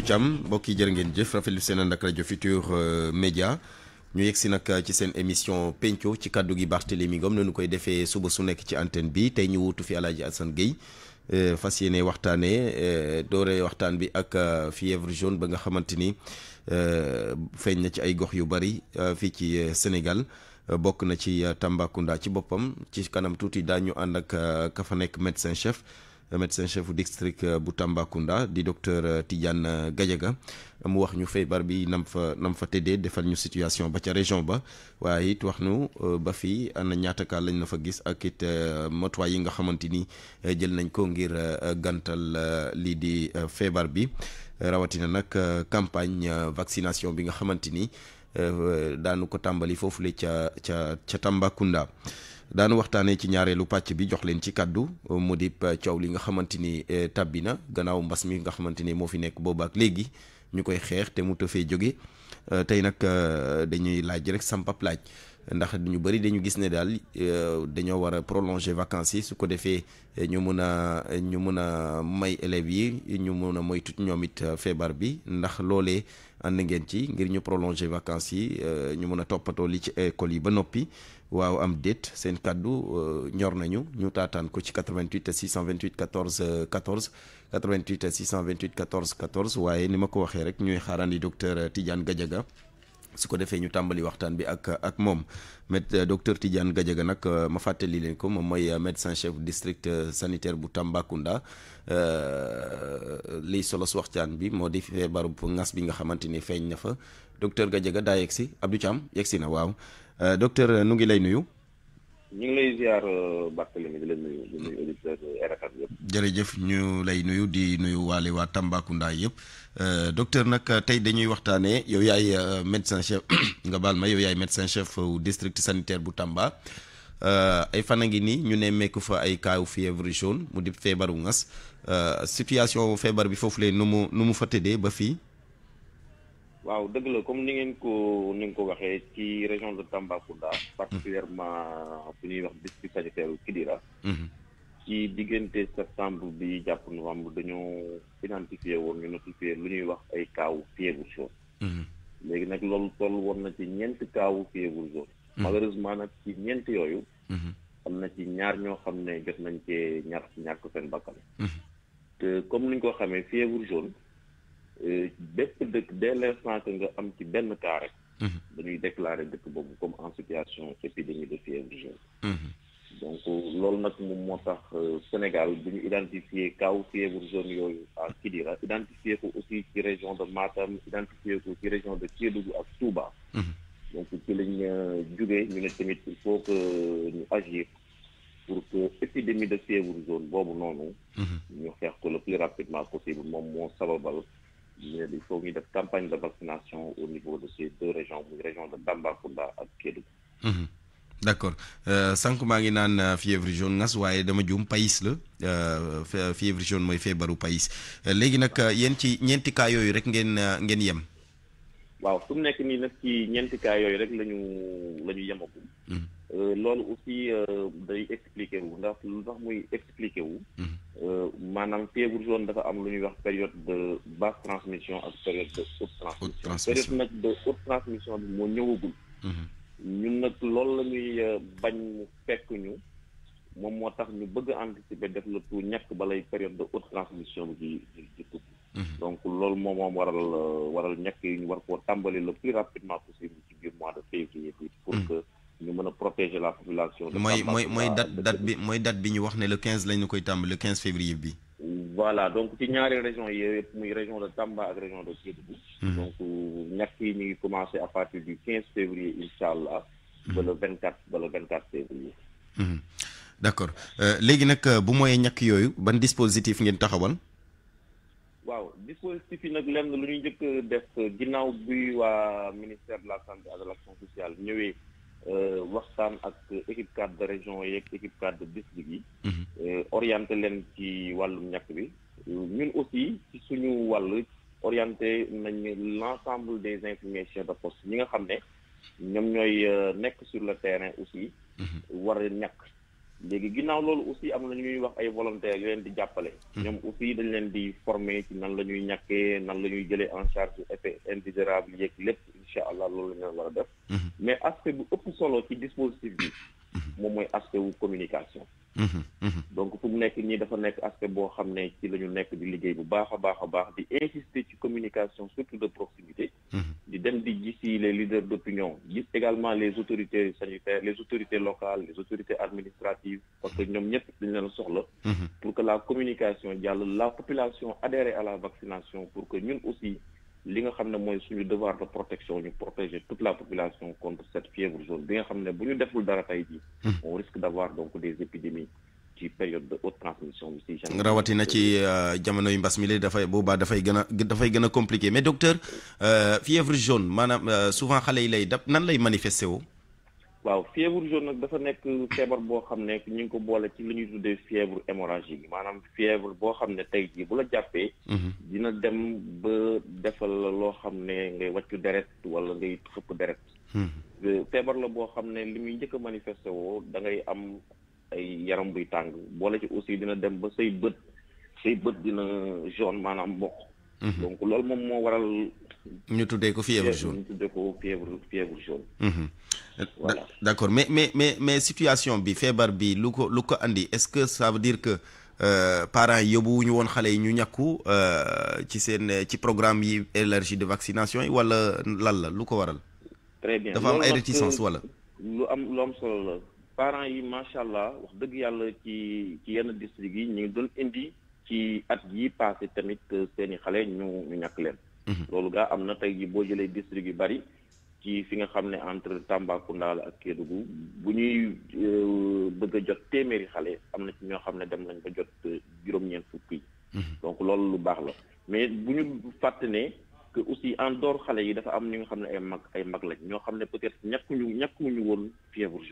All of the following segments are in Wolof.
du cam mbokk yi jërë ngeen jëf la seen future Futur euh, Média ñu yegg si nag ci émission penco ci kàddu gi Barthélémy Gom. nous koy defee suba su nekk ci antenne bi tey ñu wuutu fi Alaaji Assane Gueye euh, fas yéene waxtaanee euh, doore waxtaan bi ak fièvre jaune ba nga xamante ni feeñ ci ay gox yu bari fii ci Sénégal Bok na ci Kunda ci boppam ci kanam tuuti danyo. ànd ak ka fa médecin chef. médecin chef bu district euh, bu Tambacounda di docteur euh, Tidiane euh, gajaga mu wax ñu feebar bi nam fa nam fa tëddee defal ñu situation ba ca région ba waaye it wax nu ba fii ana ñaata lañ na fa gis ak it matuwaay yi nga xamante ni jël nañ ko ngir gantal lii di feebar bi rawatina nag campagne vaccination bi nga xamante ni daanu ko tàmbali foofu le ca ca ca Tambacounda. daanu waxtaanee ci ñaareelu pàcc bi jox leen ci kàddu uh, mu di uh, coow li nga xamante ni uh, tàbbi na gannaaw mbas mi nga xamante ni moo fi nekk boobaak léegi ñu koy xeex te mu tëfee jóge tey nag dañuy laaj rek sampap laaj ndax ñu bëri dañu gis ne daal dañoo war a prolonger vacances yi su ko defee ñu mun a ñu mun a may élèves yi ñu mun a moytu ñoom it feebar bi ndax loolee. ànd ngeen ci ngir ñu prolonger vacances yi euh, ñu mën a toppatoo li ci école yi ba noppi waaw am déet seen kàddu euh, ñor nañu ñu taataan ko ci 88 628 14 14 88 628 14 14 waaye ni ma ko waxee rek ñuy xaarandi docteur euh, Tidiane Gadiaga su ko defee ñu tàmbali waxtaan bi ak ak moom mét euh, docteur Tidiane Gadiaga nag euh, ma fàttali leen ko moom mooy euh, médecin chef district sanitaire bu Tambacounda liy solos waxtaan bi moo di feebaru ngas bi nga xamante ni feeñ na fa docteur Gadiaga daa yegg si Abdou Thiam yegg si na waaw docteur nu ngi lay nuyu. ñu ngi lay euh, nuyu di nuyu jërëjëf lay nuyu di nuyu waale waa Tambacounda yëpp euh, docteur nag tey dañuy waxtaanee yow yaay euh, médecin chef nga baal ma yow yaay médecin chef district sanitaire bu Tamba. ay fan a ngi nii ñu ne mekk fa ay kaaw fièvre jaune mu di feebaru ngas situation feebar bi foofu lay nu mu nu mu fa tëddee ba fii. waaw dëgg la comme ni ngeen ko ni nga ko waxee ci région de Tambacounda. particulièrement bu ñuy wax district sanitaire Kidira. Mhm. ci diggante septembre bi jàpp novembre dañoo identifié woon ñu notifié lu ñuy wax ay kaawu fièvre jaune. Mhm. léegi nag loolu toll woon na ci ñeent kaawu fièvre jaune. Mhm. malheureusement nag ci ñeent yooyu. am na ci ñaar ñoo xam ne jot nañ cee ñaar ñàkk seen bakkan. te comme ni ñu ko xamee fièvre jaune. Euh, bépp dëkk dès l'instant que nga am ci benn cas rek. Mhm. dañuy déclarer dëkk boobu comme en situation épidémie de fièvre jaune. Mhm. donc euh, loolu nag moom moo tax euh, Sénégal bu ñu identifier kaw fièvre jaune yooyu à Kidira identifier ko aussi ci région de Matam identifier ko ci région de Kédougou ak Touba. Mhm. donc ci lañ jugee ñu ne tamit il faut que ñu agir pour que épidémie de fièvre jaune boobu noonu. ñu xeex ko le plus rapidement possible moom moo sababal il les fournis des campagnes de vaccination au niveau de ces deux régions, muy région de Tambacounda et Kédougou. Mhm. D'accord. accord euh, sànq maa ngi naan euh, fièvre jaune ngas waaye dama juum pays la euh, fièvre jaune mooy feebaru pays léegi nag yéen ci ñeenti cas yooyu rek ngeen ngeen yem. waaw fu mu ni la nag ci ñeenti cas yooyu rek la ñu la ñu Euh, loolu aussi euh, day expliqué wu ndax lu tax muy expliqué wu. Mhm. Euh, maanaam fièvre jaune dafa am lu ñuy wax période de basse transmission ak période de haute transmission. période nag de bi moo ñëwagul. Mhm. ñun nag loolu la ñuy bañ mu fekk ñu moom moo tax ñu bëgg a anticiper def la tout ñàkk balay période de haute transmission bi di di tukk. Mhm. donc loolu moom moom waral waral ñàkk yi ñu war koo tàmbali le plus rapidement possible ci biir mois de février bi pour que. ñu mën a protéger la population. mooy mooy mooy date date bi mooy date bi ñu wax ne le quinze lañu koy tàmbali le 15 février bi. voilà donc ci ñaari régions yi yëpp muy région de Tamba ak région de Kédougou. Mhm. donc euh, ñàkk yi ñu ngi commencé à partir du 15 février incha allah. Mhm. ba le 24 quatre ba le vingt quatre février. Mhm. d' accord euh, léegi nag euh, bu mooyee ñàkk yooyu ban dispositif ngeen taxawal. waaw dispositif yi nag lenn lu ñu njëkk def ginnaaw bi waa ministère de la santé et de l' action sociale ñëwee. Euh, waxtaan ak équipe cadre de région yeeg équipe cadre de district yi. Mhm. Euh, orienté leen ci wàllum ñakk bi. ñun aussi ci suñu wàll orienté nañ l' ensemble des infirmiers de poste ñi nga xam ne ñoom ñooy euh, nekk sur le terrain aussi. Mhm. war ñakk léegi ginnaaw loolu aussi am na ñuy wax ay volontaires yu leen di jàppale. Hmm. ñoom aussi dañ leen di former ci nan la ñuy ñàkkee nan la ñuy jëlee en charge effet indésirable yëg lépp incha allah loolu la ñu war a def. Hmm. mais aspect bu ëpp solo ci dispositif bi. Hmm. moom mooy aspect wu communication. donc fu mu nekk nii dafa nekk aspect boo xam ne ci la ñu nekk di liggéey bu baax a baax a baax di insister ci communication surtout de proximité. les leaders d'opinion également les autorités sanitaires les autorités locales les autorités administratives parce que pour que la communication la population adhère à la vaccination pour que nous aussi nous nga le devoir de protection nous protéger toute la population contre cette fièvre jaune on risque d'avoir des épidémies ci période de haute transmission bi si jamais. rawatina ci euh, euh, jamono yu mbas mi léegi dafay boobaa dafay gën a dafay gën a compliqué mais docteur euh, fièvre jaune maanaam souvent xale yi lay dab nan lay manifesté waaw fièvre jaune nag dafa nekk feebar boo xam ne ñu ngi ko boole ci li ñuy tuddee fièvre hémorragique maanaam fièvre boo xam ne tey jii bu la jàppee. Mhm. dina dem ba defal la loo xam ne ngay wàccu deret wala ngay xëpp deret. Mhm. feebar la boo xam ne li muy njëkk a manifesté woo da ngay am ay yaram buy tàng boole ci aussi dina dem ba say bët say bët dina jaune maanaam mboq. Mhm. donc loolu moom moo waral. ñu tuddee ko fièvre jaune ñu tuddee ko fièvre fièvre jaune. Mhm. voilà d' accord mais mais mais mais situation bi feebar bi lu ko lu ko andi est ce que ça veut dire que Euh, parents yi yóbbu ñu woon xale yi ñu ñàkku euh, ci seen ci programme yi élargi de vaccination yi wala lan la lu ko waral. très bien dafa am ay réticence wala. lu am lu am solo la parents yi macha allah wax dëgg yàlla ci ci yenn district yi ñu ngi doon indi ci at yi passé tamit euh, seeni xale ñu ñu ñàkk leen mhm. loolu gaa am na tey ji boo jëlee district yu bari ci fi nga xam ne entre Tambacounda la ak Kédougou bu ñuy euh, bëgg a jot téeméeri xale am na ci ñoo xam ne dem nañ ba jot euh, juróom-ñeent fukk yi mhm. donc loolu lu baax la mais bu ñu fàtte ne que aussi en dehors xale yi dafa am ñu nga xam ne ay mag ay mag lañ ñoo xam ne peut-être ñàkkuñu ñàkkuñu woon fièvre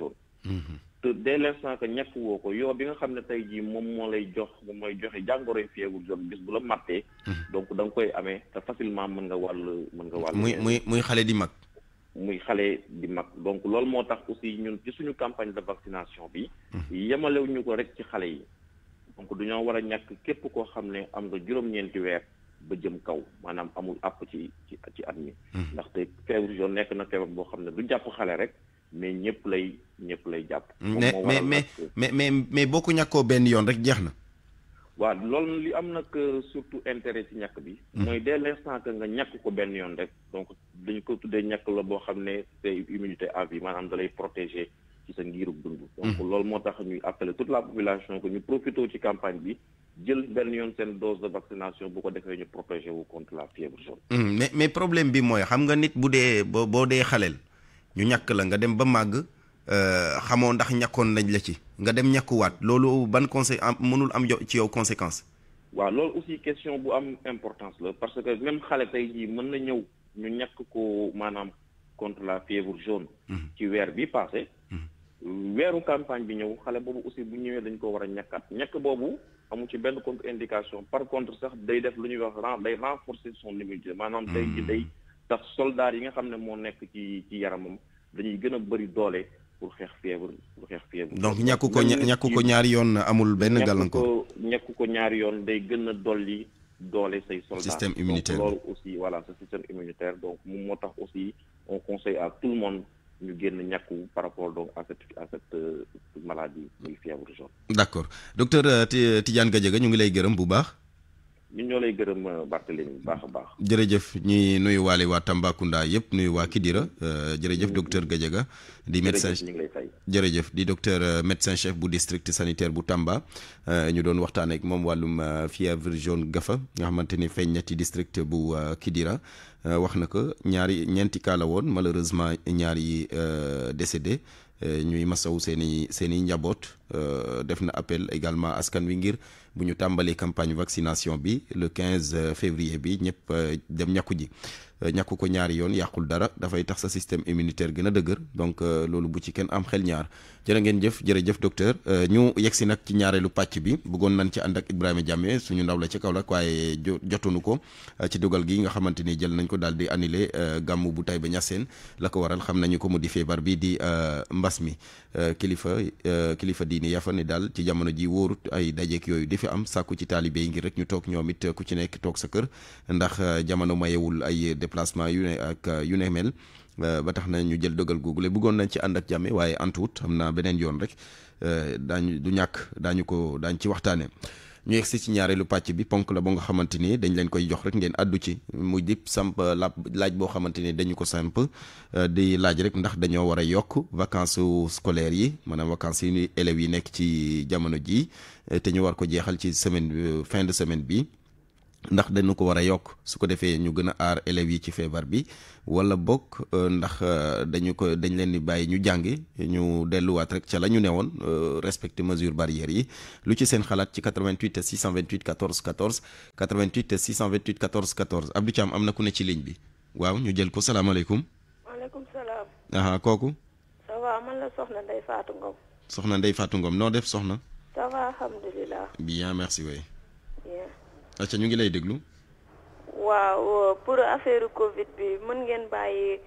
te dès l'instant que ñàkk woo ko yoo bi nga xam ne tey jii moom moo lay jox moom mooy joxe jàngoro yi feegul jot bis bu la màttee mm-hmm. donc da koy amee te facilement mun nga wàll mën nga wàll muy muy muy xale di mag muy xale di mag donc loolu moo tax aussi ñun ci suñu campagne de vaccination bi mm-hmm. yemalewuñu ko rek ci xale yi donc duñoo war a ñàkk képp koo xam ne am nga juróom-ñeenti weer ba jëm kaw maanaam amul àpp ci ci ci at mi mm-hmm. ndaxte feebar yo nekk na feebar boo xam ne du jàpp xale rek mais ñëpp lay ñëpp lay jàpp. mais mais mais mais mais boo ko ñàkkoo benn yoon rek jeex na. waa lool li am nag euh, surtout intérêt ci ñàkk bi. Mm. mooy dès l'instant que nga ñàkk ko benn yoon rek. donc dañu ko tuddee ñàkk la boo xam ne c'est immunité à vie maanaam da lay protéger ci sa ngiirug dund. Mm. donc loolu moo tax ñuy appeler toute la population ko ñu profité ci campagne bi jël benn yoon seen dose de vaccination bu ko defee ñu protéger wu contre la fièvre jaune. Mm, mais xam nga nit bu dee boo boo dee ñu ñàkk la nga dem ba màgg euh, xamoo ndax ñàkkoon lañ la ci nga dem ñàkkuwaat loolu ban conseil mënul am ci yow conséquence waaw loolu aussi question bu am importance la parce que même xale tey jii mën na ñëw ñu ñàkk ko maanaam contre la fièvre jaune mm-hmm. ci weer bi passé mm-hmm. weeru campagne bi ñëw xale boobu aussi bu ñëwee dañ ko war a ñàkkaat ñàkk boobu amu ci benn contre indication par contre sax day def lu ñuy wax ren day renforcer son immunité maanaam tey jii day ndax soldaar yi nga xam ne moo nekk ci ci yaramam dañuy gën a bëri doole pour xeex fièvre pour xeex fièvre. donc ñàkku ko ñàkku ko ñaari yoon amul benn gàllankoor. ñàkku ko ñaari yoon day gën a dolli doole say soldats. système immunitaire loolu aussi voilà ce système immunitaire donc moom moo tax aussi on conseille à tout le monde. ñu génn ñàkku par rapport donc à cette à cette euh, maladie muy fièvre jaune. d' accord docteur euh, Tidiane ñu ngi lay gërëm bu baax. ñun ñoo lay gërëm euh, Barthélémy jërëjëf ñuy nuyu waale waa Tambacounda yëpp nuyu waa Kidira euh, jërëjëf mm-hmm. docteur Gadiaga di médecin ñu ngi jërëjëf di docteur euh, médecin chef bu district sanitaire bu Tamba. ñu doon waxtaan ak moom wàllum fièvre jaune gafa nga xamante ni feeñ na ci district bu Kidira wax na ko ñaari ñeenti kaa la woon malheureusement ñaar yi décédé. ñuy masawu seen i seen i njaboot euh, def na appel également askan wi ngir bu ñu tàmbalee campagne vaccination bi le 15 euh, février bi ñëpp euh, dem ñakku ji Euh, ñàkku ko ñaari yoon yàqul dara dafay tax sa système immunitaire gën a dëgër donc euh, loolu bu ci kenn am xel ñaar jërë ngeen jëf jërëjëf docteur euh, ñu yegg si nag ci ñaareelu pàcc bi bëggoon nañ ci ànd ak Ibrahima Diame suñu ndaw la ci kaw la waaye jotunu ko ci dogal gi nga xamante ni jël nañ ko daal di annulé gàmm bu ba Niassène la ko waral xam nañu ko mu di feebar bi di mbas mi kilifa kilifa diini yafa ni daal ci jamono ji wóorut ay dajeek yooyu di fi am sàkku ci taalibe yi rek ñu toog ñoom it ku ci nekk toog sa kër ndax jamono mayewul ay déplacement yu ne ak euh, yu ne mel euh, ba tax na ñu jël dogal googule bëggoon nañ ci ànd ak jàmme waaye antuwut xam na beneen yoon rek euh, daañu du ñàkk daañu ko daañ ci waxtaanee. ñu yegsi ci ñaareelu pàcc bi ponk la ba nga xamante ni dañ leen koy jox rek ngeen àddu ci muy di samp laaj boo xamante ni dañu ko samp di laaj rek ndax dañoo war a yokk vacances scolaires yi maanaam vacances yi élèves yi nekk ci jamono jii te ñu war ko jeexal ci semaine fin de semaine bi ndax dañu ko war a yokk su ko defee ñu gën a aar élèves yi ci feebar bi wala bokk euh, ndax euh, dañu ko dañ leen di bàyyi ñu jàngi ñu delluwaat rek ca la ñu newoon euh, respecter mesure barrières yi lu ci seen xalaat ci 88 628 14 14 88 628 14 14 Abdou Thiam am na ku ne ci ligne bi waaw ñu jël ko salaamaaleykum. maaleykum kooku. Soxna Ndeye Fatou ngoom Soxna Ndeye Fatou Ngom noo def Soxna. ça va bien merci acca ñu ngi lay déglu. waaw euh, pour affaire Covid bi mën ngeen bàyyi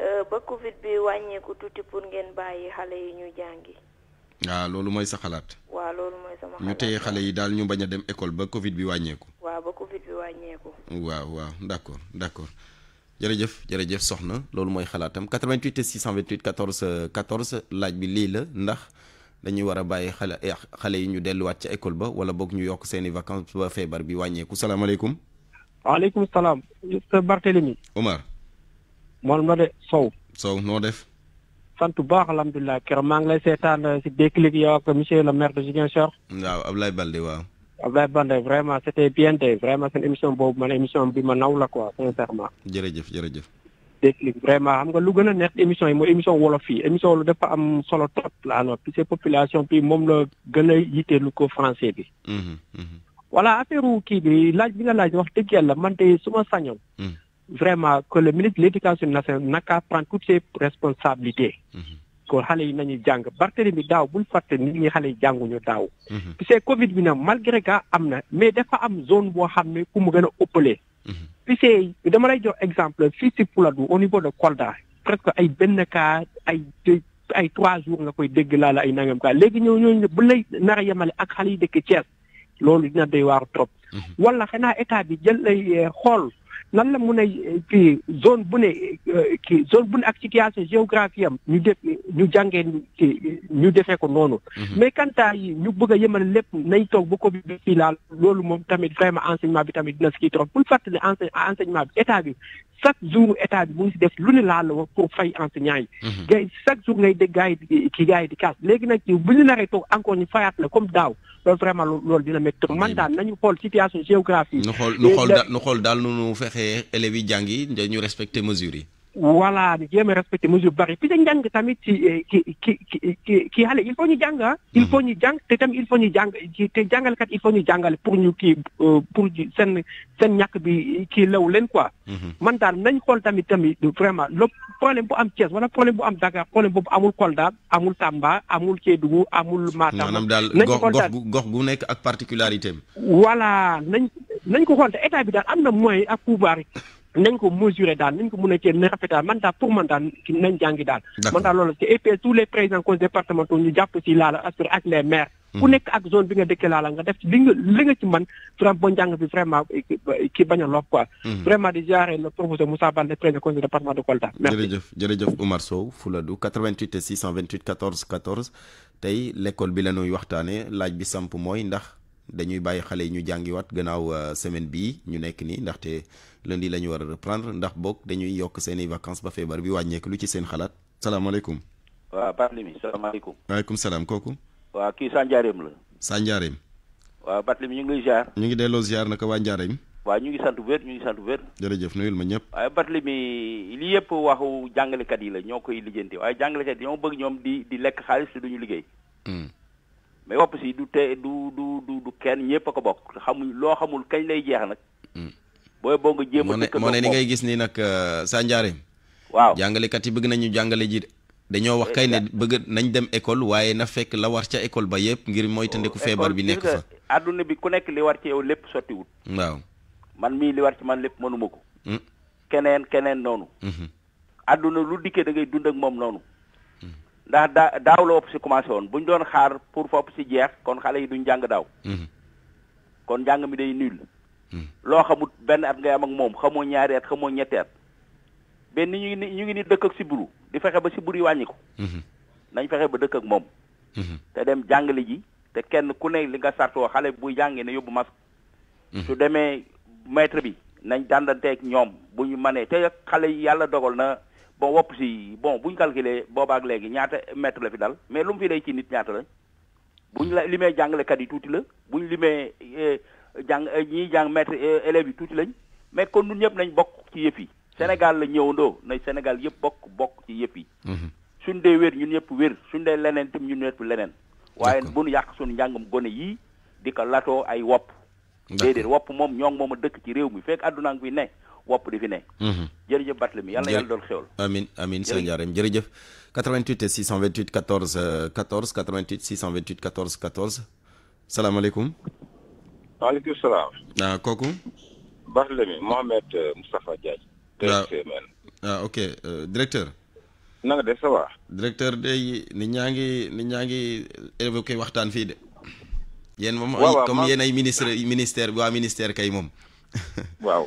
euh, ba Covid bi wàññeeku tuuti pour ngeen bàyyi xale yi ñu jàngi. waaw ah, loolu mooy sa xalaat. waa loolu mooy sama xalaat ñu téye xale yi daal ñu bañ a dem ecole ba Covid bi wàññeeku. waaw ba Covid bi wàññeeku. waaw waaw d' accord d' accord jërëjëf jërëjëf soxna loolu mooy xalaatam 88 628 14 14 laaj bi lii la ndax. dañuy war a bàyyi xale eh, xale yi ñu delluwaat ca école ba wala boog ñu yokk seeni i vacances ba feebar bi wàññeeku salaamaaleykum. waaleykum salaam. monsieur Barthélemy. Omar. man ma de soow Sow noo def. sant bu baax alhamdulilah keroog maa ngi lay seetaan eh, si déclic yow ak monsieur le maire de Ziguinchor. waaw lay Balde waaw. Ablaye Balde vraiment c'était bien de vraiment seen émission boobu man émission bi ma naw la quoi sincèrement. jërëjëf jërëjëf. Vrema, amgo lou gana nek emisyon, emisyon wolo fi, emisyon wolo depa am solotot non. la anon, pi se populasyon, pi mom lo gana yite louko fransebi. Wala, mm-hmm, mm-hmm. apirou ki, laj vina laj, wak te gyal la, mande souman sanyon. Mm-hmm. Vrema, ke le Ministre l'Education nationale naka pran tout se responsablite. Ko hale yi nanyi django, bakte li mi dao, bou l fatte ni mi hale yi django nyo dao. Pi se COVID vina, mal gere ka amnen, me depa am zon wahanme koum geno opole. lycée yi dama lay jox exemple fii si Pouladou au niveau de Kolda presque ay benn cas ay ay trois jours nga koy dégg laa la ay nangam kaa léegi ñëw ñooñu bu lay nar a yemale ak xale yi dëkk Thiès loolu dina doy waar trop. Mhm. wala xanaa état bi jël lay eh, xool nan la mun a eh, kii zone bu ne eh, eh, kii zone bu ne ak situation géographie am ñu def ñu jàngee kii ñu defee ko noonu. Mhm. mais kantaa yi ñu bëgg a yemal lépp nañ toog ba ko bi fii laal loolu moom tamit vraiment enseignement bi tamit na si kii trop bul fàttali enseignement bi état bi chaque jour état bi mu ngi def lu ne laal la wax pour fay enseignants yi. Mhm. gars chaque jour ngay dégg gars yi di kaas léegi nag bu ñu naree toog encore ñu fayaat la comme daaw loolu vraiment loolu dina métti trop man daal nañu xool situation géographique. nu xool nu xool daal nu xool daal nu fexee élèves yi jàngi ñu respecté mesures yi. voilà di jéem a respecté mesure bari puis dañ jàng tamit ci eh, ki ki ki ki xale il faut ñu jàng ah. il faut ñu jàng te tam il faut ñu te jàngalkat il faut ñu jàngal pour ñu kii euh, pour seen seen ñàkk bi kii law leen quoi. Mhm. man daal nañ xool tamit tamit vraiment le problème bu am Thiès wala problème bu am Dakar problème boobu amul Kolda amul Tamba amul Kédougou amul. Matam maanaam daal gox gox bu nekk ak particularité am. voilà nañ nañ ko xool te état bi daal am na moyen ak pouvoir nañ ko mesurer daal nañ ko mën a cee na mandat pour mandat nañ jàngi daal mandat loolu te EPS tous les présidents conseils départements ñu jàpp ci laala aspiré ak les maires hmm. ku nekk ak zone bi nga dëkkee laala nga def ci li nga li nga ci man vraiment ba njàng bi vraiment ki bañ a quoi hmm. vraiment di jaaree le professeur Moussa Baldé président conseil département de Kolda merci jërëjëf jërëjëf Oumar Sow Fuladou, 88 628 14 14 tey l'école bi la ñuy waxtaane laaj bi samp mooy ndax dañuy bayyi xale ñu ñu wat gënaaw euh, semaine bii ñu nekk nii ndaxte lundi la ñu war a reprendre ndax boog dañuy yokk seen i vacances ba feebar bi wàññeeku lu ci seen xalaat salaamaaleykum waaw Barthélémy salaamaaleykum waaleykum salaam kooku waaw kii Sandiarem la Sandiarem waaw Barthélémy ñu ngi lay ziar ñu ngi delloo ziar naka waa Ndiarem waaw ñu ngi sant bu wér ñu ngi sant bu wér jërëjëf nuyul ma ñëpp waaye Barthélémy li yëpp waxu jàngalekat yi la ñoo koy lijjanti waaye jàngalekat yi ñoo bëgg ñoom di di lekk xaalis te duñu liggéey hmm. mais wopp si du te du du du du kenn ñëpp a ko bokk xamuñ loo xamul kañ lay jeex nag. Hmm. boo nga jéem a dëkk moo ne ni ngay gis nii nag euh, sa njaareem waaw jàngalekat yi bëgg nañu jàngale ji dañoo wax kay ne bëgg nañ dem école waaye na fekk la war ca école ba yëpp ngir moytandiku oh, feebar bi nekk fa. àdduna bi ku nekk li war ci yow lépp sottiwut. waaw man mii li war ci man lépp mënuma ko. Hmm. keneen keneen noonu. àdduna hmm. lu dikkee da ngay dund ak moom noonu. ndax daa daaw la wopp si commencé woon bu ñu doon xaar pour fopp si jeex kon xale yi duñ jàng daaw mhm. kon jàng mi day nul mhm. loo xamut benn at ngay am ak moom xamoo ñaari xamoo ñetti at benn ñu ngi ni ñu ngi ni dëkk ak si siburu di fexe ba siburu yi wàññiku mhm. nañ fexe ba dëkk ak moom te dem jàngale ji te kenn ku ne li nga sartoo xale buy jàngee ne yóbbu masque su demee maître bi nañ dàndanteeg ñoom bu ñu manee te xale yi yàlla dogal na bon wopp si bon buñ ñu boobaak léegi ñaata mètre la fi dal mais lu mu fi lay ci nit ñaata lañ bu ñu la limee jàngalekat yi tuuti la bu ñu limee eh, jàng eh, ñiy jàng mètre eh, yi tuuti lañ mais kon ñun ñëpp nañ bokk ci yëpp yi Sénégal la ñëwandoo na Sénégal yëpp bokk bokk ci yëpp yi. Mhm. suñ dee wér ñun ñëpp wér suñ dee leneen tam ñun ñëpp leneen. waaye bu nu yàq suñu njàngam gone yii di ko latoo ay wopp. déedéet wopp moom ñoo ngi moom a dëkk ci réew mi fekk àdduna ngi fi ne. wopp di fi ne mhm. jërëjëf Barthélemy yàlla yàlla doon xewal amin amin sëñ Ndiarème jërëjëf 88 628 14 14 88 628 14 14 Salam salaamaaleykum waaleykum salaam ah kooku Barthélemy Mohamed euh, Moustapha Diagne ah. TFM ah ok euh, directeur na nga def ça directeur day nit ñaa ngi nit ñaa ngi évoqué waxtaan fii de yéen moom comme yéen ay ministre ministère wa ministère kay moom waaw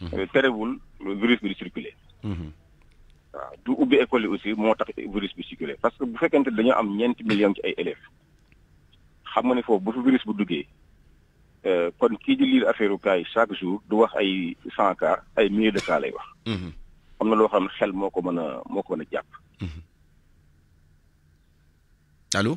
Mhm. Euh, terewul virus bi di circuler mhm. waaw du ubbi école aussi moo tax virus bi circuler parce que bu fekkente dañoo am ñeenti millions ci ay élèves xam nga ne foofu bu fi virus bu duggee euh, kon kii di lire affaire cas chaque jour du wax ay cent cas ay milliers de cas lay wax. Mhm. am na loo xam xel moo ko mën a moo ko mën a jàpp. allo.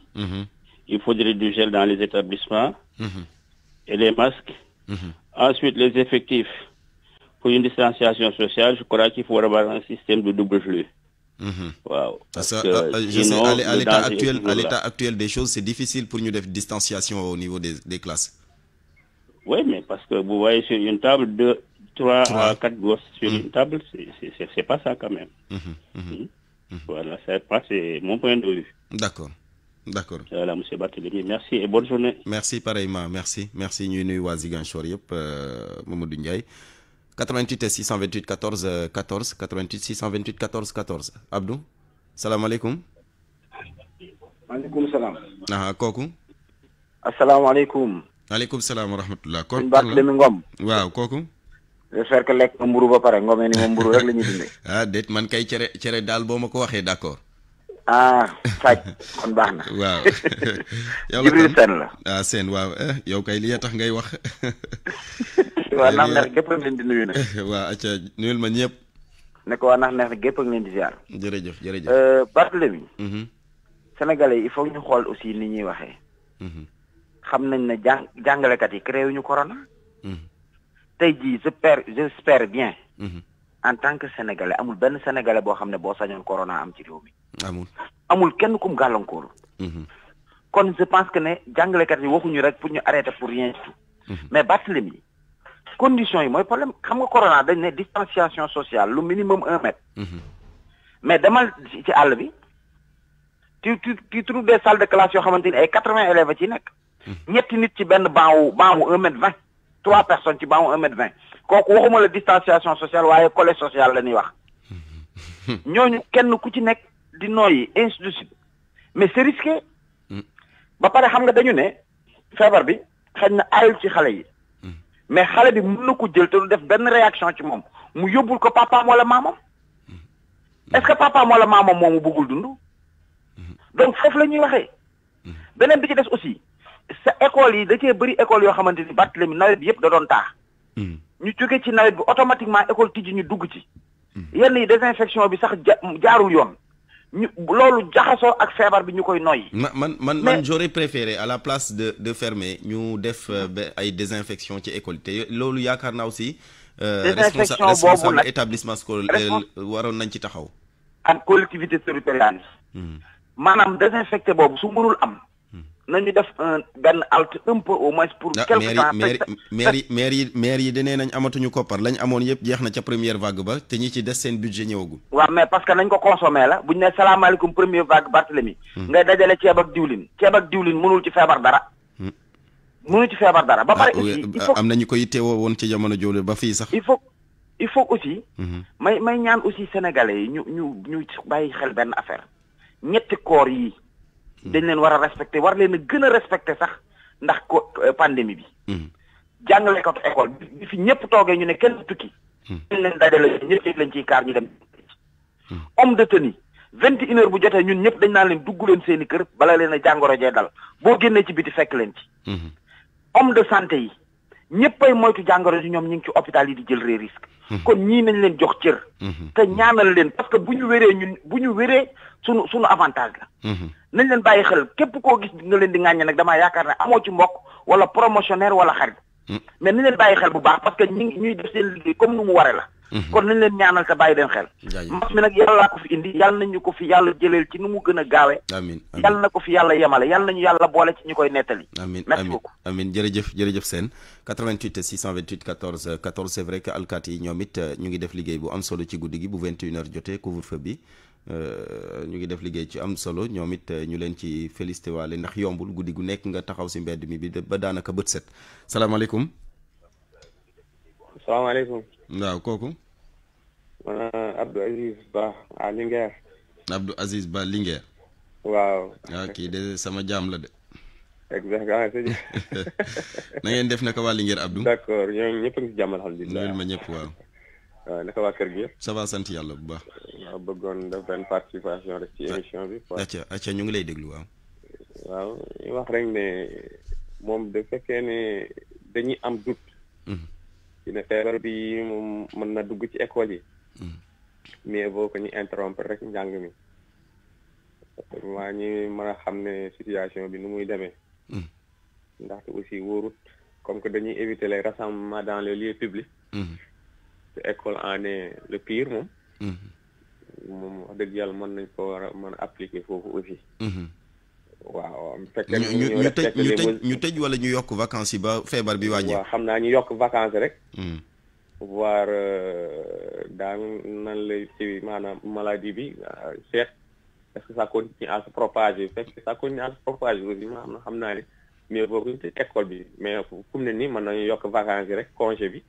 Mhm. Il faudrait du gel dans les établissements mhm. et les masques. Mhm. Ensuite, les effectifs. Pour une distanciation sociale, je crois qu'il faut avoir un système de double flux. à l'état actuel, des choses, c'est difficile pour nous de distanciation au niveau des, des classes. Oui, mais parce que vous voyez sur une table, deux, trois, à quatre gosses sur une table, c'est pas ça quand même. Hmm? Voilà, c'est mon point de vue. D'accord. D'accord. Voilà, euh, monsieur Barthélémy. Merci et bonne journée. Merci pareillement. Merci. Merci. ñuy nuyu zigan chor yëpp euh, Mamadou Ndiaye. 88 628 14 14 88 628 14 14 Abdou. salam salaamaaleykum. maaleykum salam ah kooku. asalaamaaleykum. Salam salaam wa rahmatulah. kon Barthélémy Ngom. waaw kooku. j'espère que lekk nga mburu ba pare ngomee ni mburu rek la dindé ah déet man kay ciéré ciéré dal boo ma ko waxee d'accord. ah Saaj kon baax na. waaw yow la Jibril Sène la. Ah, eh, kay li tax ngay wax. waaw ndax neex gépp leen di nuyu nag. waaw acca nuyul ma ñëpp. ne ko waa ndax neex gépp ak leen di ziar. jërëjëf jërëjëf. Euh, Barthélemy. Mhm. Sénégalais yi il faut ñu xool aussi ni ñuy waxee. Mhm. xam nañ ne jàng jàngalekat yi créé ñu corona. Mhm. tey jii je per j'espère bien. en tant que sénégalais amul benn sénégalais boo xam ne boo sañoon corona am ci réew mi. kenn kum galankor mhm. kon je pense que nous jangale kat yi waxu rek pour ñu arrêter pour rien mhm. mais battle condition est moy problème xam nga corona dañ distanciation sociale le minimum 1 mètre mhm. mais demal ci all bi tu tu tu trouves des salles de classe yo xamanteni 80 élèves ci nek ñetti nit ci ben banu banu 1 mètre 20 trois personnes ci banu 1 mètre 20 on waxuma une distanciation sociale waye collège sociale la ni wax ñoñu kenn ku ci nek di noyyi ainsi de mais c'est ba pare xam nga dañu ne feebar bi xañ na aayul ci xale yi. mais xale bi mën na ko jël te du def benn réaction ci moom mu yóbbul ko papaam wala maamam. est-ce que papaam wala moom mu bëggul dundu donc foofu la ñuy waxee. beneen bi ci des aussi sa école yi da cee bëri école yoo xamante ni Barthélemy nawet bi yëpp da doon taa. Hmm. ñu jóge ci nawet bi automatiquement école tijji ñu dugg ci. yenn yi désinfection bi sax jaarul yoon. lolu jaxaso ak feebar bi ñukoy noy man man man j'aurais préféré à la place de de fermer ñu def euh, ay désinfection ci école té lolu yaakaar naa aussi. Euh, responsable boobu établissement scolaire euh, waron nañ ci taxaw. ak collectivité territoriale. manam hmm. désinfecté bobu su mënul am. nañu def benn halte un peu au moins pour ah, quelque temps maire yi maire yi maire yi dinee nañ amatuñu koppar lañ amoon yëpp jeex na ca première vague ba te ñi ci des seen budget ñëwagul waaw mais parce que nañ ko consommé la bu ñu ne salaamaaleykum première vague Barthélemy hmm. ngay dajale ceeb ak diwlin ceeb ak diwlin mënul ci feebar dara hmm. mënul ci feebar dara ba ah, pare ah, am na nañu koy teewoo woon ci jamono jooju ba fii sax il faut il faut aussi hmm. may may ñaan aussi sénégalais yi ñu ñu ñu bàyyi xel benn affaire ñetti koor yi Hmm. dañ leen war a respecté war leen a gën a respecté sax ndax ko euh, pandémie bi. Hmm. jàngalekatu école bi fi ñëpp toogee ñu ne kenn tukki. Hmm. dañ lañ ciy kaar ñu dem. homme de tenue vingt et une heures bu jotee ñun ñëpp dañ naan leen dugg leen seeni kër bala leen a jàngoro jee dal boo génnee ci biti fekk leen ci. homme de santé yi ñëppay moytu jàngoro ji ñoom ñu ngi ci hôpital yi di jël les risques. kon ñii nañ leen jox cër. te ñaanal leen parce que bu ñu wéree ñun bu ñu wéree sunu sunu avantage la. nañ leen bàyyi xel képp koo gis nga leen di ŋàññe nag damaa yaakaar ne amoo ci mbokk wala promotionnaire wala xarit hmm. mais nañ leen bàyyi xel bu baax parce que ñi ñuy def seen liggéey comme nu mu waree la hmm. kon nañ leen ñaanal te bàyyi leen xel mbas mi nag yàllaa ko fi indi yàlla nañu ko fi yàlla jëleel ci nu mu gën a gaawe amiin yàlla na ko fi yàlla yemale yàlla nañu yàlla boole ci ñu koy nettali amiin merci beaucoup amiin jërëjëf jërëjëf seen 88 628 14 14 c'est vrai it euh, ñu ngi def liggéey bu am solo ci guddi gi bu 21 heures jotee Euh, ñu ngi def liggéey ci am solo ñoom it euh, ñu leen ci félicité waale ndax yombul guddi gu nekk nga taxaw si mbedd mi bi ba daanaka bët set salaamaaleykum. salaamaaleykum. waaw kooku. Abdou Aziz Ba à Linguère. Aziz Ba Linguère. waaw. waaw kii de sama jaam la de. exactement. na ngeen def naka waa Linguère Abdou. d'accord ñoom ñëpp a ngi si jàmm alhamdulilah. ma ñëpp waaw. waaw ah, naka waa kër gi yëpp. ça va sant yàlla bu baax. waaw bëggoon def benn participation rek ci émission bi. acca acca ñu ngi lay déglu waaw. waaw wax rek ne moom de fekkee ne dañuy am doute. Mm-hmm. ci ne feebar bi moom mën na dugg ci école yi. Mm-hmm. mais boo ko ñu interrompre ne situation bi nu muy demee. Mm-hmm. ndaxte aussi wóorut comme que dañuy éviter les rassemblements te école en le piir moom. Mhm. moom wax dëgg yàlla mën nañ ko war a mën a foofu aussi. Mhm. waaw bu fekkee ñu ñu tëj ñu tëj ñu tëj wala ñu yokk vacances yi ba feebar bi wàññi. waaw xam naa ñu yokk vacances rek. Mhm. voir euh, daan nan lay ci maanaam maladie bi ah, seet est-ce que ça continue à se propager fekk ça continue à se aussi maanaam xam naa ne mais boobu ñu tëj école bi mais fu ne nii mën nañu yokk vacances yi rek congé bi.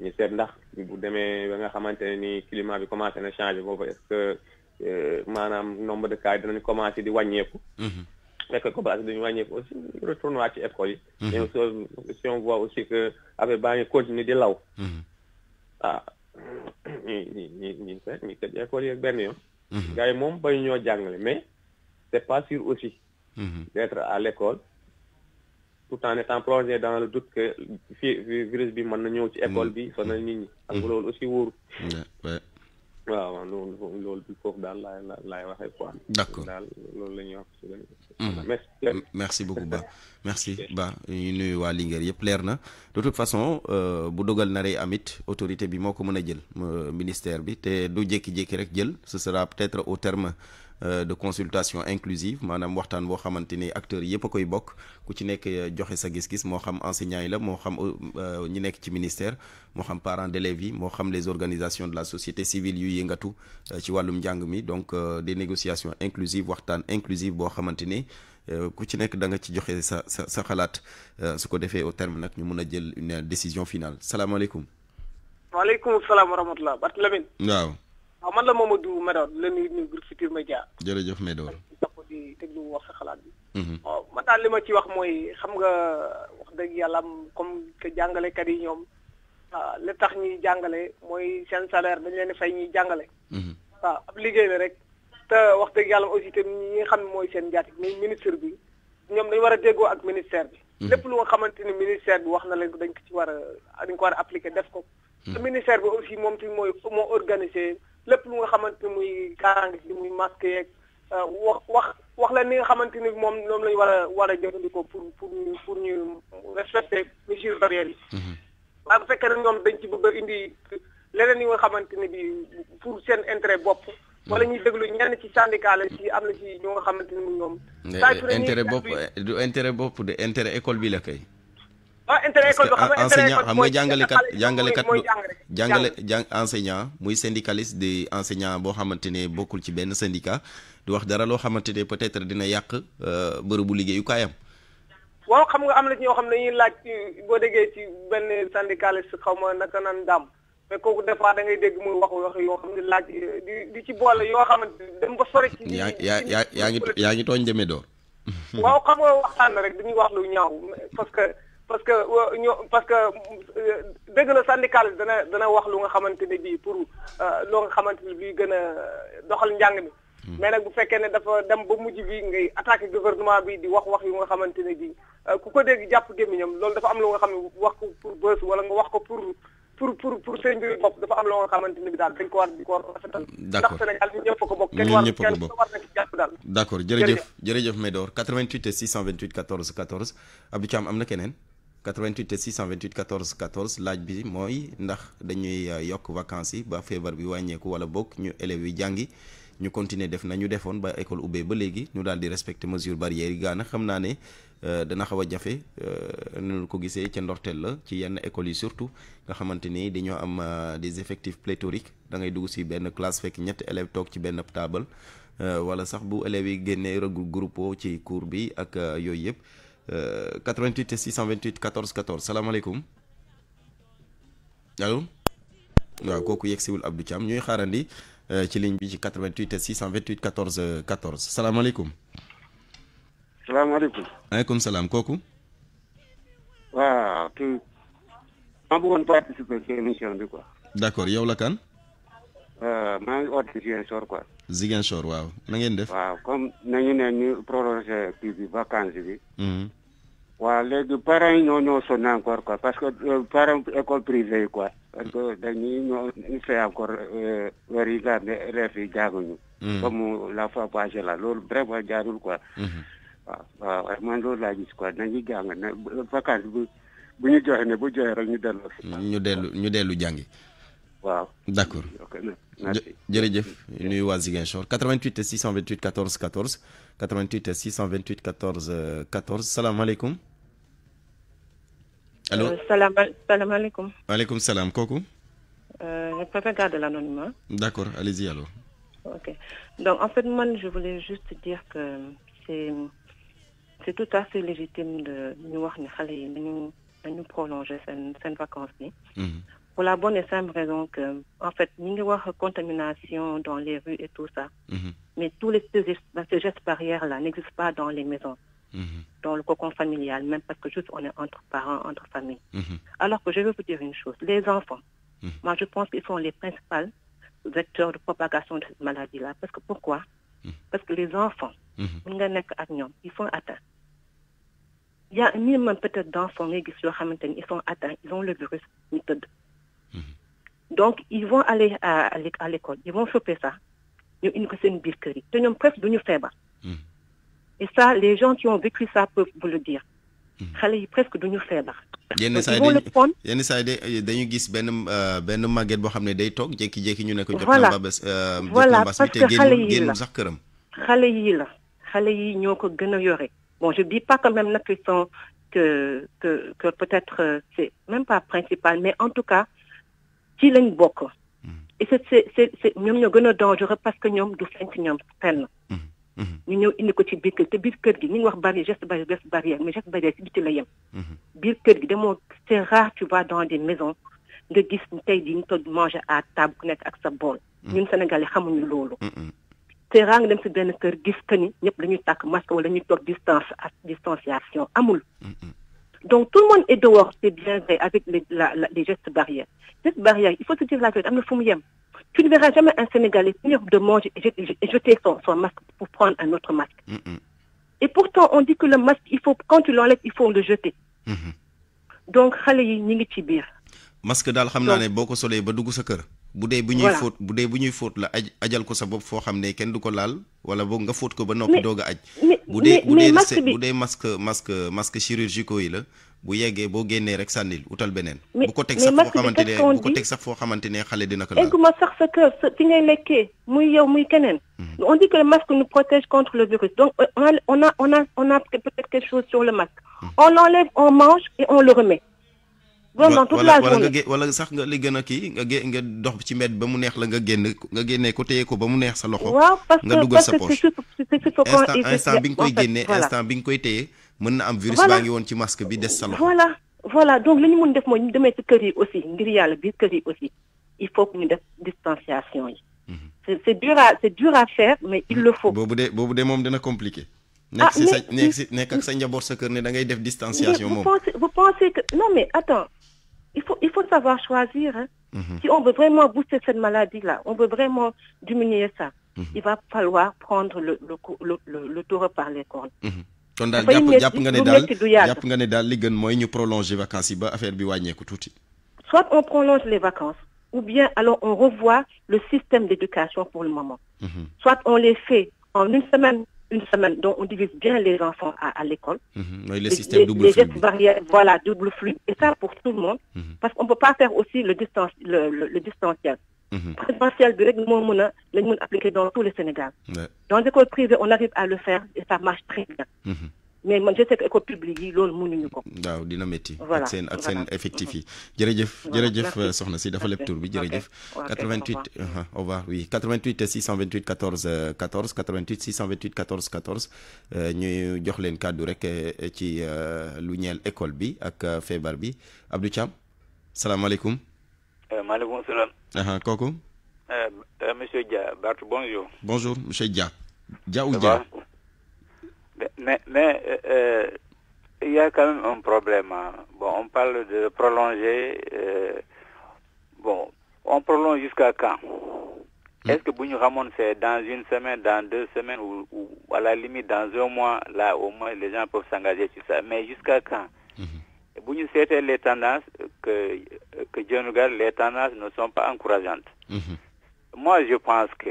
ñu seet ndax bu demee ba nga xamante ne ni climat bi commencé na changé boobu est-ce que euh, maanaam nombre de cas yi dinañ commencé di wàññeeku. fekk ko base dañu wàññeeku aussi retourné waat ci école yi. mais mm-hmm. si on voit aussi que affaire baa ngi continuer di law. Mm-hmm. ah ñi ñu ñi ñu ñi tëj école yi ak benn yoon. Mm-hmm. gars yi moom bañ ñoo jàngale mais c'est pas sûr aussi. d'être à l'école. tout en étant plongé dans le doute que virus bi mën na ñëw ci école mm. bi sonal mm. nit ñi ak mm. loolu aussi wóoru waaw waaw loolu bi foofu daal laay laay waxee quoi. d'accord daal loolu la ñuy wax. merci merci beaucoup Ba merci Ba ñu nuyu waa Linguère yëpp leer na de toute façon euh, bu dogal naree amit autorité bi moo ko mën a jël euh, ministère bi te du jékki-jékki rek jël ce sera peut-être au terme. Euh, de consultation inclusive manam waxtan bo xamanteni acteurs yépp a koy bok ku ci nek euh, joxe sa gis-gis mo xam enseignants la mo xam euh, ñi nek ci ministère mo xam parents d'élèves yi xam les organisations de la société civile yu yëngatu ci walum njàng mi donc des négociations inclusives waxtan inclusive bo xamanteni ku ci nek da nga ci joxe sa sa xalat su ko défé au terme nak ñu mëna jël une décision finale wa alaykoum salaam wa rahmatulah Barthélémy. waaw. waaw man la Mamadou Médor di la nuyu nuyu groupe Futurs Médias. jërëjëf Médor. topp di déglu wax sa xalaat bi. Mhm. waaw man daal li ma ci wax mooy xam nga wax dëgg yàlla am comme que jàngalekat yi ñoom ah, li tax ñuy jàngale mooy seen salaire dañ leen fay ñuy jàngale. Mhm. waaw ab liggéey la rek. te wax dëgg yàlla aussi tamit ñi nga xam ne mooy seen jaatik muy ministre bi ñoom dañu war a déggoo ak ministère bi. Mhm. lépp lu nga xamante ni ministère bi wax na leen ko dañ ko ci war a dañ ko war a appliquer def ko. te ministère bi aussi moom tamit mooy moo organiser. lépp lu nga xamante muy kaaraange si muy masque euh, wax wax wax la ni nga xamante ni moom moom la ñu war a war a ko pour pour pour ñu respecter mesures barrières yi. waaye mhm. bu fekkee ne ñoom dañ ci bëgg a indi leneen yi nga xamante ne bi pour seen intérêt bopp. wala ñuy déglu ñenn ci syndicat la ci am na ci ñoo nga xamante ni ñoom. saa intérêt bopp du intérêt bopp de intérêt école bi la kay. waaw ah, intérêt école bi xam nga enseignant jàngalekat jàngalekat jàngale jàng enseignant muy syndicaliste di enseignant boo xamante ne bokkul ci benn syndicat di wax dara loo xamante ne peut-être dina yàq euh, bërëbu liggéeyukaayam. waaw xam nga am na ci xam ne laaj boo déggee ci xaw ma naka naan daam mais kooku des fois dégg muy wax wax yoo xam ne laaj euh, di ci boole yoo xamante dem ba sori. ci yaa yaa yaa ngi yaa ngi tooñ jëmee door. waaw xam nga waxtaan na rek dañuy wax lu ñaaw parce que ñoo parce que euh, dëgg la syndical dana dana wax lu nga xamante ne bii pour euh, loo nga xamante ne bii gën a doxal njàng mi. Hmm. mais nag bu fekkee ne dafa dem ba mujj bi ngay attaqué gouvernement bi di wax wax yu nga xamante ne bii euh, ku ko dégg jàpp gémmiñam loolu dafa am lu nga xam ne wax ko pour bës wala nga wax ko pour pour pour pour seen mbir bopp dafa am lo nga xamante ne bi daal dañ ko war di ko war rafetal. d'accord ndax Sénégal ñun ñëpp ko bokk. war kenn ko war na ci jàpp daal. d'accord jërëjëf jërëjëf Médor 88 628 14 14 Abdou Thiam am na keneen. 88 628 14 14 laaj bi mooy ndax dañuy euh, yokk vacances yi ba feebar bi wàññeeku wala bokk ñu élèves yi jàngi ñu continuer def na ñu defoon ba école ubbee ba léegi ñu daal di respecter mesure barrière yi gaana xam naa ne euh, dana xaw si euh, benn classe fekk ñetti élèves toog ci bu élèves yi génnee regroupe ak yooyu 88 628 14 14 salaamaaleykum allo waaw kooku yegsiwul Abdou Thiam ñooy xaarandi eh, ci ligne bi ci 88 628 14 14 salaamaaleykum. salaamaaleykum. salam salaam kooku. waaw kii. ma bëggoon participer ci émission bi quoi. d' yow la kan. Euh, maa ngi oote Ziguinchor quoi. Ziguinchor waaw na ngeen def. waaw comme nañu ne ñu prolongé kii bi vacances bi. Mhm. waaw léegi parents yi ñoo ñoo sonn encore quoi parce que euh, parents école privée yi quoi. parce que dañuy ñoo fait encore weer euh, yi nga xam ne élèves yi jaaguñu. Mhm. comme la fois passée la loolu vraiment jaarul quoi. Mhm. waaw waaw man loolu laa gis quoi nañu jàng na vacance bu bu ñu joxe ne bu joxe rek ñu dellu. ñu dellu ñu dellu jàngi. waaw d' accord jërëjëf nuyu waa Ziguinchor 88 628 14 14 88 628 14 14 salaamaaleykum allo euh, salaamaaleykum waaleykum salaam kooku je euh, préfère garder l'anonymat d' accord allez-y alors ok donc en fait man je voulais juste dire que c'est c'est tout à fait légitime de ñu wax ni xale yi nañu nañu prolonger seen seen vacances bi pour la bonne et simple raison que, en fait, il y a une contamination dans les rues et tout ça. Mm-hmm. Mais tous les, ces, gestes barrières-là n'existent pas dans les maisons, mm-hmm. dans le cocon familial, même parce que juste on est entre parents, entre familles. Mm-hmm. Alors que je veux vous dire une chose, les enfants, moi je pense qu'ils sont les principaux vecteurs de propagation de cette maladie-là. Parce que pourquoi Parce que les enfants, ils sont atteints. Il y a même peut-être d'enfants qui sont atteints, ils ont le virus, donc ils vont aller à, à l'école ils vont choper ça ñu indi ko seen biir kër yi te ñoom presque du ñu hmm. et ça les gens qui ont vécu ça peuvent vous le dire hmm. xale yi presque du ñu yenn saa yi yenn saa yi dañu gis benn euh, benn màgget boo xam ne day toog jékki-jékki ñu ne ko jot na mbas euh, voilà parce que xale yi la sax këram xale yi la xale yi ñoo ko gën a yore bon je dis pas quand même nag que que que peut-être euh, c'est même pas principal mais en tout cas ci lañ bokk. Mm. et c'est c'est ñoom ñoo gën a dangereux parce que ñom du fenk ñom fenn. Mm. Mm. ñu ñëw indi ko ci biir kër te biir kër gi ñu wax bari geste bari geste bari mais geste barrière ci biti la yem. Mm-hmm. biir kër gi demoo c'est rare tu vas dans des maisons nga gis tay di ñu toog manger à table ku nekk ak sa bool. ñun Sénégalais xamuñu loolu. Mm-hmm. c'est rare nga dem si benn kër gis que ni ñëpp dañuy tak masque wala ñu tok distance ak distanciation amul. Mm-hmm. Donc tout le monde est dehors, c'est bien vrai, avec les, les gestes barrières. Gestes barrières, il faut se dire la vérité, tu ne verras jamais un Sénégalais venir de manger et jeter son, masque pour prendre un autre masque. Mm, mm. Et pourtant, on dit que le masque, il faut, quand tu l'enlèves, il faut le jeter. Mm -hmm. Donc, xale yi ñi ngi ci masque bu dee bu ñuy fóot bu dee bu ñuy fóot la aj ajal ko sa bopp foo xam ne kenn du ko laal wala boog nga fóot ko ba noppi doog a aj bu dee bu dee bu dee masque masque masque chirurgicaux yi la bu yeggee boo génnee rek sànnil utal beneen bu ko teg sax foo xamante ne bu ko teg sax foo xamante ne xale dina ko laal egguma sax sa kër fi ngay lekkee muy yow muy keneen mhm. on dit que le masque nous protège contre le virus donc on a on a on a peut-être quelque chose sur le masque mhm. on enlève on mange et on le remet voilà voilà donc le monde def aussi il faut que nous distanciation mhm. c'est dur à faire mais il le faut. Vous vous pensez que non mais attends il faut il faut savoir choisir hein. mhm. si on veut vraiment booster cette maladie là on veut vraiment diminuer ça. Mhm. il va falloir prendre le le le le par les cornes. Mhm. vacances soit on prolonge les vacances ou bien alors on revoit le système d'éducation pour le moment. soit on les fait en une semaine une semaine. Donc, on divise bien les enfants à, l'école. Mhm. les, double Barrières, voilà, double flux. Et ça pour tout le monde. Mhm. Parce qu'on ne peut pas faire aussi le, distance, le, le, le distanciel. Mhm. Présentiel, on appliqué dans tout le Sénégal. Dans les écoles privées, on arrive à le faire et ça marche très bien mais man je sais que école publique yi loolu mënuñu ko. waaw dina metti voilà ak seen ak seen effectif yi. jërëjëf jërëjëf soxna si dafa leb tur bi jërëjëf. 88 uh-huh, au revoir oui 88 628 14 14 88 628 14 14 ñuy jox leen kàddu rek eh, ci euh, lu ñeel école bi ak euh, feebar bi Abdou Thiam salaamaaleykum. Euh, maaleykum salaam. Uh-huh, kooku. monsieur Dia Barth bonjour. bonjour monsieur Dia. Dia ou Dia. Ben, mais, mais euh, euh, il y a quand même un problème. Hein. Bon, on parle de prolonger. Euh, bon, on prolonge jusqu'à quand hmm. Est-ce que Bougnou Ramon, c'est dans une semaine, dans deux semaines ou, à la limite dans un mois Là, au moins, les gens peuvent s'engager sur ça. Mais jusqu'à quand mmh. c'était les tendances que, que Dieu nous garde, les tendances ne sont pas encourageantes. Hmm. Moi, je pense que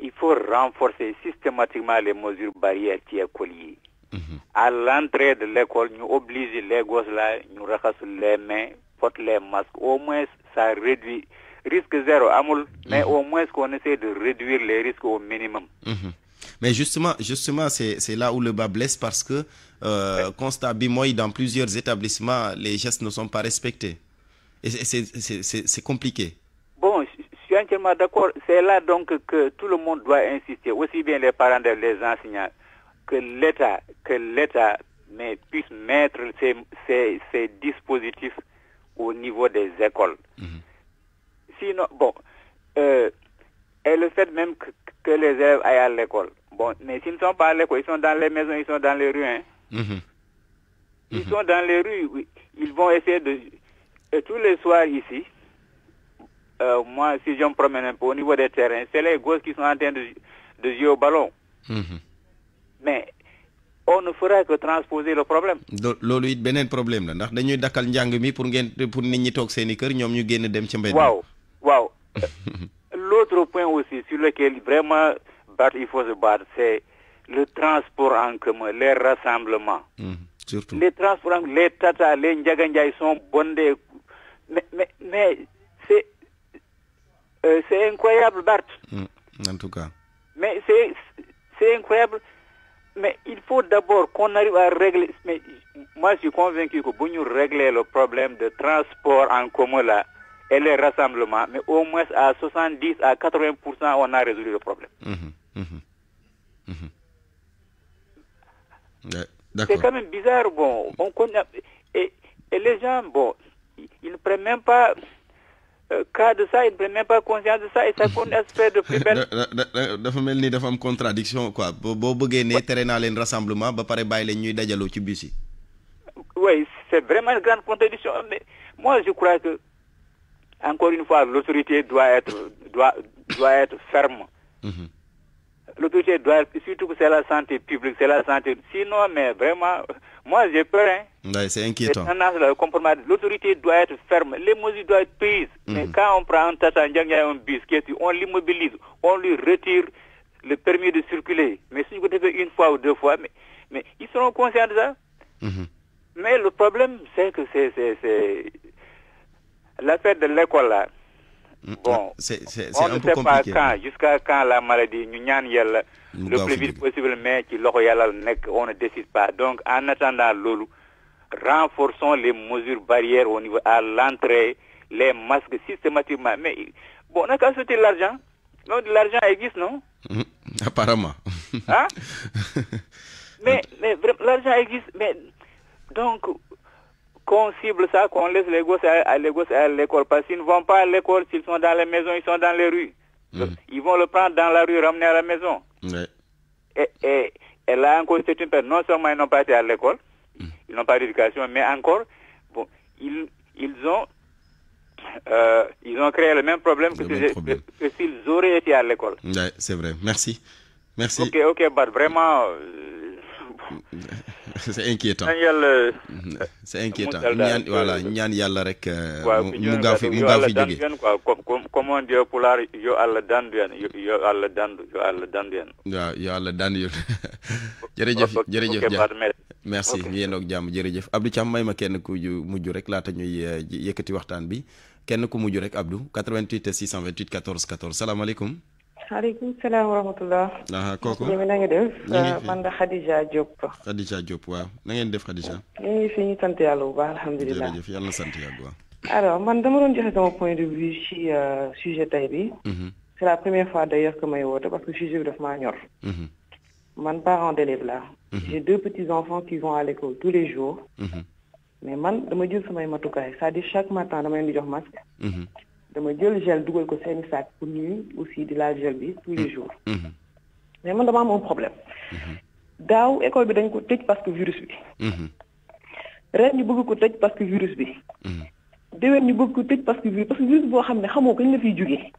il faut renforcer systématiquement les mesures barrières qui est collier. Mhm. À l'entrée de l'école, nous obligeons les gosses là, nous racassons les mains, portent les masques. Au moins, ça réduit. Risque zéro, Amoul, mais mhm. au moins qu'on essaie de réduire les risques au minimum. Mhm. Mais justement, justement c'est là où le bas blesse parce que, euh, constat dans plusieurs établissements, les gestes ne sont pas respectés. Et c'est compliqué d'accord. C'est là donc que tout le monde doit insister, aussi bien les parents, des les enseignants, que l'État, que l'État puisse mettre ses dispositifs au niveau des écoles. Mhm. Sinon, bon, euh, et le fait même que, les élèves aillent à l'école. Bon, mais s'ils ne sont pas à l'école, ils sont dans les maisons, ils sont dans les rues. Hein. Mhm. Ils mhm. sont dans les rues, oui. Ils vont essayer de... Euh, tous les soirs ici, euh, moi, si je me promène un peu au niveau des terrains, c'est les gosses qui sont en train de, de jouer au ballon. Mhm. Mais on ne fera que transposer le problème. loolu it problème là. ndax dañuy pour pour ñi kër ñu ci l'autre point aussi sur lequel vraiment battre il faut se battre c'est le transport en commun les rassemblements. Mhm, surtout les transports en les tata les njaganjaay sont bondés mais mais mais c'est euh, c'est incroyable, Bart. Mm, en tout cas. Mais c'est incroyable. Mais il faut d'abord qu'on arrive à régler. Mais moi, je suis convaincu que pour nous régler le problème de transport en commun là, et les rassemblements, mais au moins à 70 à 80 on a résolu le problème. Mm-hmm, mm-hmm, mm-hmm. c'est quand même bizarre. Bon, on connaît. Et, et les gens, bon, ils ne prennent même pas euh, cas de ça, il ne même pas conscience de ça et ça un aspect de plus belle. dafa mel contradiction quoi boo boo bëggee ne à rassemblement ba pare bàyyi leen ñuy dajaloo ci oui c'est vraiment une grande contradiction mais moi je crois que encore une fois l'autorité doit être doit doit être ferme. Mm-hmm l'autorité doit, surtout que c'est la santé publique, c'est la santé. Sinon, mais vraiment, moi j'ai peur. Hein. c'est inquiétant. l'autorité doit être ferme, les mesures doivent être prises. Mhm. Mais quand on prend un tata, un bus, on l'immobilise, on lui retire le permis de circuler. Mais si vous fait une fois ou deux fois, mais, mais ils seront conscients de ça. Mhm. Mais le problème, c'est que c'est l'affaire de l'école là bon c'est on ne sait pas quand jusqu'à quand la maladie ñu ñaan le plus vite possible mais ci on ne décide pas donc en attendant l'eau, renforçons les mesures barrières au niveau à l'entrée les masques systématiquement mais bon on a qu'à souhaiter l'argent non l'argent existe non. Mmh, apparemment. Hein? mais mais l'argent existe mais donc qu'on cible ça, qu'on laisse les gosses à, l'école. Parce qu'ils ne vont pas à l'école, s'ils sont dans les maisons, ils sont dans les rues. Mm. Ils vont le prendre dans la rue, ramener à la maison. Et, et, là encore, c'est une Non seulement ils n'ont pas été à l'école, mm. ils n'ont pas d'éducation, mais encore, bon, ils, ils ont euh, ils ont créé le même problème que s'ils auraient été à l'école. c'est vrai. Merci. Merci. Ok, ok, vraiment. Euh, c'est inquiétant c'est inquiétant ñaan voilà ñaan yàlla rek euh, mu gaaw fi mu gaaw fi jóge quoi comme on dit pulaar yo allah dandu en yo allah dandu yo allah dandu en wa yo allah dandu yo jërëjëf jërëjëf merci ñu yendoog jàmm jërëjëf Abdou Thiam may kenn ku mujj rek laata ñuy euh, yëkkati waxtaan bi kenn ku mujj rek Abdou 88 628 14 14 salam alaykoum maaleykum salaam wa rahmatulah. kooku ñu ngi na nga def. Ah, man da Khadija Diop. Khadija Diop waaw na ngeen def Khadija. ñu ngi fi ñu sant yàlla bu baax alhamdulilah jërëjëf yàlla na sant yàlla bu alors man dama doon joxe sama point de vue ci euh, sujet tey bi. Mhm. c'est la première fois d'ailleurs que may woote parce que sujet bi daf maa ñor. Mhm. man parent d'élève la. Mhm. j'ai deux petits enfants qui vont à l'école tous les jours. mais man dama jël samay matukaay c'est-à-dire chaque matin dama indi jox masque dama jël gel dugal ko seeni saak pour ñuy aussi di laal gel bi tous les mm-hmm. jours. Mm-hmm. mais man dama am un problème. Mm-hmm. daaw école bi dañ ko tëj parce que virus bi. ren ñu bëgg ko tëj parce que virus bi. déwén ñu bëgg ko tëj parce que virus parce que virus boo xam ne xamoo kañ la fiy jugee.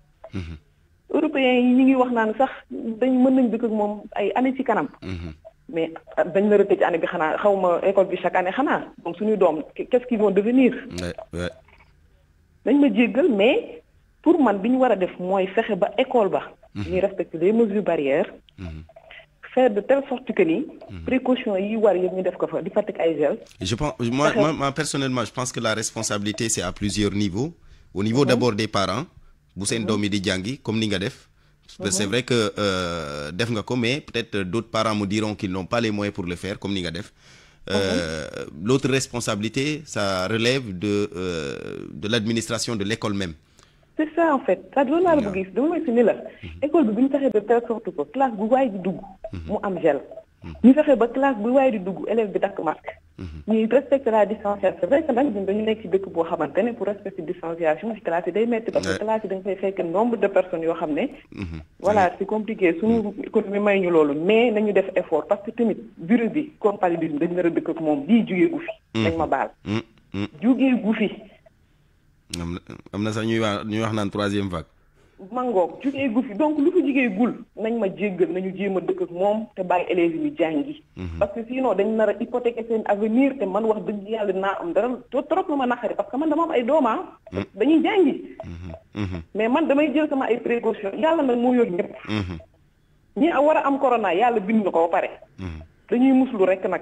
européens yi ñu ngi wax naan sax dañ mën nañ dëkk ak moom ay année ci kanam. mais dañ la tëj année bi xanaa xawma école bi chaque année xanaa donc suñu doom qu'est-ce qu'ils vont devenir dañ ma jéggal mais pour man bi ñu war a def mooy fexe ba école ba. Mhm. ñuy respecté les mesures barrières. Mhm. faire de telle sorte que ni. Mhm. précaution yi war yëpp ñu def ko fa di fàttali ay gel. je pense moi moi personnellement je pense que la responsabilité c'est à plusieurs niveaux au niveau d'abord des parents bu seen doom yi di jàngi comme ni nga def. Ben, c'est vrai que euh, Def mais peut-être euh, d'autres parents me diront qu'ils n'ont pas les moyens pour le faire, comme def. Euh, L'autre responsabilité, ça relève de, euh, de l'administration de l'école même. C'est ça en fait ça doon naa la bu gis mhm. école bi bu de telle sorte que classe bu waay bi Moi mhm. mu am gel ñu fexe ba classe bu waaye di dugg élève bi takk masque. Mhm. ñuy respecter la distanciation c'est vrai que nag ñun dañu nekk ci dëkk boo xamante ne pour respecter distanciation ci classe yi day metti parce que classe yi da fay fekk nombre de personnes yoo xam ne. Mhm. voilà c'est compliqué suñu mhm. économie may ñu loolu mais nañu def effort parce que tamit bureau bi compagnie bi dañu nar a dëkk ak moom bii jugee gu fi. dañ ma baal. jugee gu fi. am na am na sax ñuy wax ñuy wax naan troisième vague. mangoog jugee gu donc lu fi jugee gul nañ ma jéggal nañu jéem a dëkk ak moom te bàyyi élèves yi jàngi mhm. parce que sinon dañ nar a hypothéquer seen avenir te man wax dëgg yàlla naa am dara trop lu ma naqari parce que man dama am ay dooma ah. mhm. dañuy jàngi mhm. mais man damay jël sama ay précaution yàlla nag moo yor ñëpp ñi war a am corona yàlla bind na ko ba pare dañuy muslu rekk nag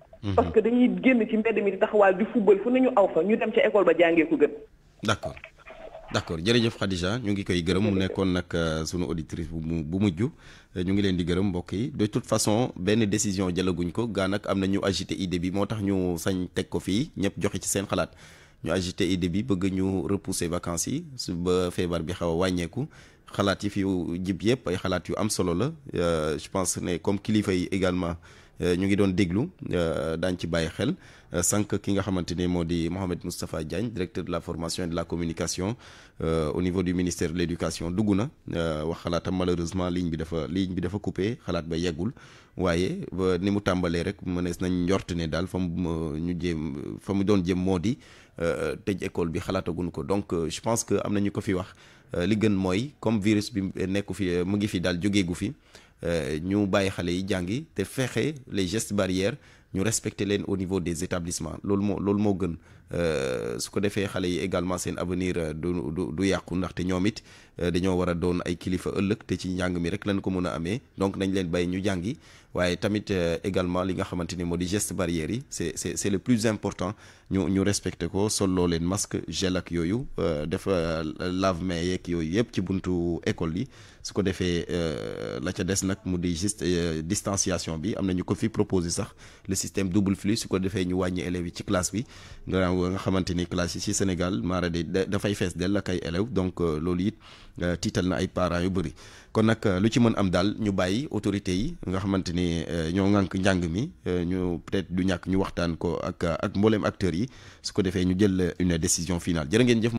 Mhm. parce que dañuy génn ci mbedd mi di taxawaal di football fu ñu aw fa ñu dem ca école ba jàngee ko gën d'accord d'accord jërëjëf Khadija ñu ngi koy gërëm mu nekkoon nag euh, sunu auditrice bu bu mujj euh, ñu ngi leen di gërëm mbokk yi de toute façon benn décision jëlaguñ ko gaa nag am na ñu agité idée bi moo tax ñu sañ teg ko fii ñëpp joxe ci seen xalaat ñu agité idée bi bëgg ñu repousser vacances yi su ba feebar bi xaw a wàññeeku xalaat yi fi jib yëpp ay xalaat yu am solo la euh, je pense ne comme kilifa yi également. Euh, ñu ngi doon déglu euh, daañ ci bàyyi xel euh, sank ki nga xamante ni moo di Mohamed Moustapha Diagne directeur de la formation et de la communication au niveau du ministère de l' éducation dugg na wax xalaatam malheureusement ligne bi dafa ligne bi dafa coupé xalaat ba yeggul waaye ni mu tàmbalee rek mënees nañ njort ne daal fa ñu jéem fa mu doon jëm moo di tëj école bi ko donc je pense que am na ñu ko fi wax li gën mooy comme virus bi nekku fi mu ngi fi daal jógeegu fi euh, ñu bàyyi xale yi jàngi te les gestes barrières ñu respecter au niveau des établissements L'olmo, l'olmo gun. Euh, su ko defee xale yi également seen avenir euh, du du du yàqu ndaxte ñoom it euh, dañoo war a doon ay kilifa ëllëg te ci njàng mi rek lañ ko mën a amee donc nañ leen bay ñu jàngi waaye tamit également li nga xamante ni moo di geste barrière yi c'est c'est c'est le plus important ñu ñu respecté ko solo leen masque gel ak yooyu def lave main yeeg yooyu yëpp ci buntu école yi su ko defee la ca des nag mu di juste distanciation bi am na ñu ko fi proposé sax le système double flux su ko defee ñu wàññi élèves yi ci classe bi nga nga xamante ni classe yi ci Sénégal maara de dafay fees dell ak ay élèves donc euh, loolu it euh, tiital na ay parents yu bëri kon nag euh, lu ci mën am daal ñu bàyyi autorité yi nga xamante ni ñoo ŋànk njàng mi ñu peut-être du ñàkk ñu waxtaan ko ak ak mbooleem acteurs yi su ko defee ñu jël une décision finale jërë ngeen jëf.